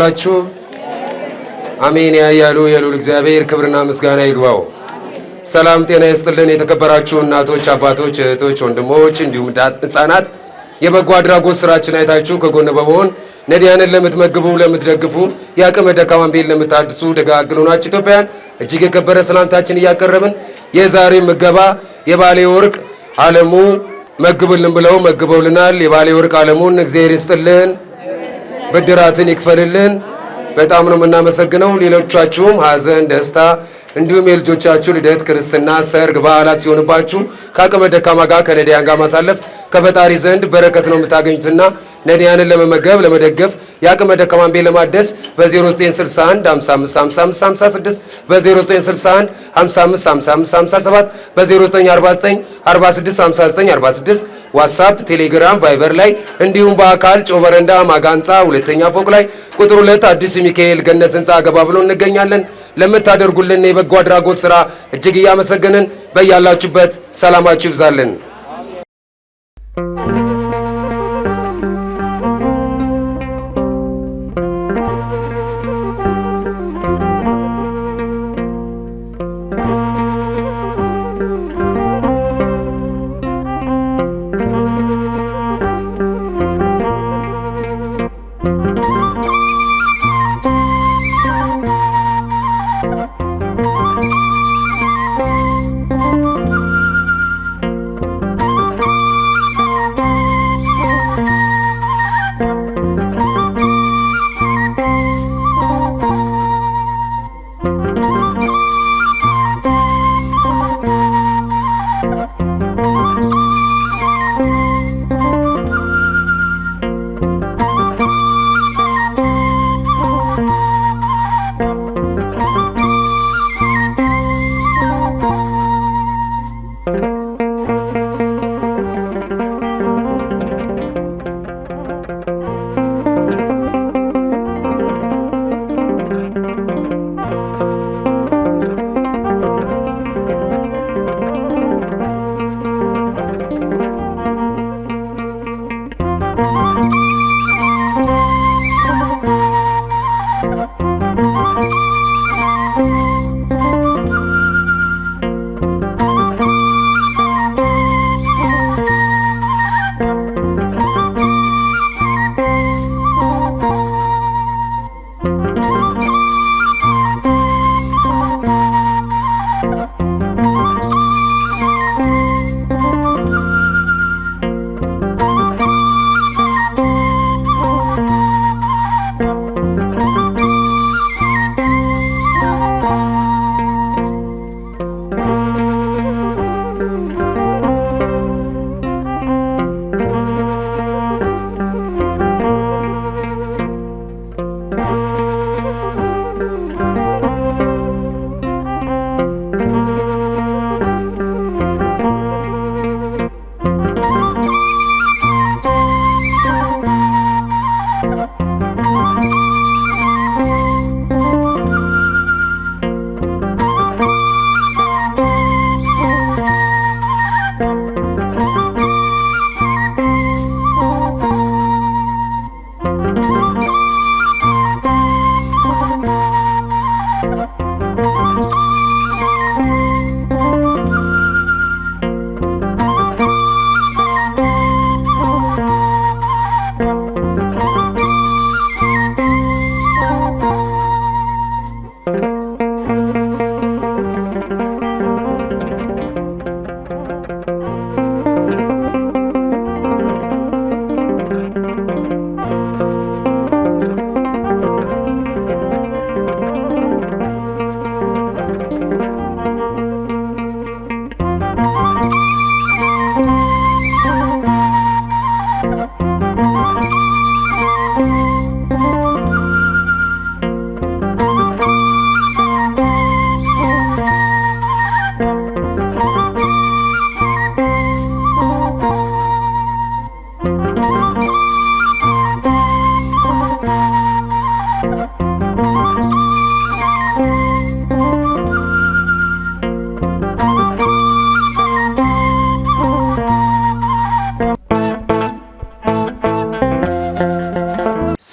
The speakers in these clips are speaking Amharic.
ዋላችሁ። አሜን ያያሉ የሉል እግዚአብሔር ክብርና ምስጋና ይግባው። ሰላም ጤና ይስጥልን። የተከበራችሁ እናቶች፣ አባቶች፣ እህቶች፣ ወንድሞች እንዲሁም ህጻናት የበጎ አድራጎት ስራችን አይታችሁ ከጎን በመሆን ነዲያንን ለምትመግቡ፣ ለምትደግፉ የአቅመ ደካማን ቤት ለምታድሱ ደጋግ ኢትዮጵያን ኢትዮጵያውያን እጅግ የከበረ ሰላምታችን እያቀረብን የዛሬ ምገባ የባሌ ወርቅ አለሙ መግብልን ብለው መግበውልናል። የባሌ ወርቅ አለሙን እግዚአብሔር ይስጥልን። ብድራትን ይክፈልልን። በጣም ነው የምናመሰግነው። ሌሎቻችሁም ሀዘን፣ ደስታ እንዲሁም የልጆቻችሁ ልደት፣ ክርስትና፣ ሰርግ፣ በዓላት ሲሆንባችሁ ከአቅመ ደካማ ጋር ከነዳያን ጋር ማሳለፍ ከፈጣሪ ዘንድ በረከት ነው የምታገኙትና ነዳያንን ለመመገብ ለመደገፍ የአቅመ ደካማን ቤት ለማደስ በ0961 5556 በ0961 555557 በ0949 465946 ዋትሳፕ፣ ቴሌግራም፣ ቫይበር ላይ እንዲሁም በአካል ጮበረንዳ ማጋንፃ ሁለተኛ ፎቅ ላይ ቁጥር ሁለት አዲስ ሚካኤል ገነት ህንፃ አገባ ብሎ እንገኛለን። ለምታደርጉልን የበጎ አድራጎት ስራ እጅግ እያመሰገንን በያላችሁበት ሰላማችሁ ይብዛልን።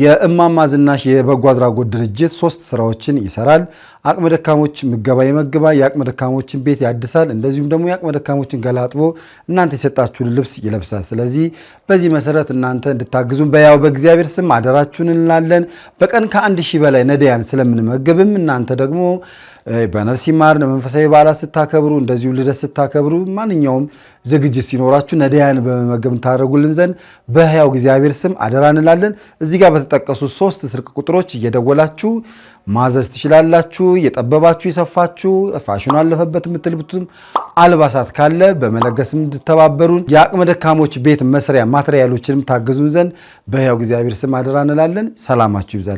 የእማማ ዝናሽ የበጎ አድራጎት ድርጅት ሶስት ስራዎችን ይሰራል። አቅመ ደካሞች ምገባ ይመግባል፣ የአቅመ ደካሞችን ቤት ያድሳል፣ እንደዚሁም ደግሞ የአቅመ ደካሞችን ገላጥቦ እናንተ የሰጣችሁን ልብስ ይለብሳል። ስለዚህ በዚህ መሰረት እናንተ እንድታግዙን በያው በእግዚአብሔር ስም አደራችሁን እንላለን። በቀን ከአንድ ሺህ በላይ ነዳያን ስለምንመገብም እናንተ ደግሞ በነፍስ ይማር መንፈሳዊ በዓላት ስታከብሩ፣ እንደዚሁ ልደት ስታከብሩ፣ ማንኛውም ዝግጅት ሲኖራችሁ ነዳያን በመመገብ ታደርጉልን ዘንድ በህያው እግዚአብሔር ስም አደራ እንላለን እዚህ ጋር ባልተጠቀሱ ሶስት ስልክ ቁጥሮች እየደወላችሁ ማዘዝ ትችላላችሁ። እየጠበባችሁ የሰፋችሁ ፋሽኑ አለፈበት የምትልብቱም አልባሳት ካለ በመለገስ እንድተባበሩን የአቅመ ደካሞች ቤት መስሪያ ማትሪያሎችንም ታግዙን ዘንድ በሕያው እግዚአብሔር ስም አደራ እንላለን። ሰላማችሁ ይብዛል።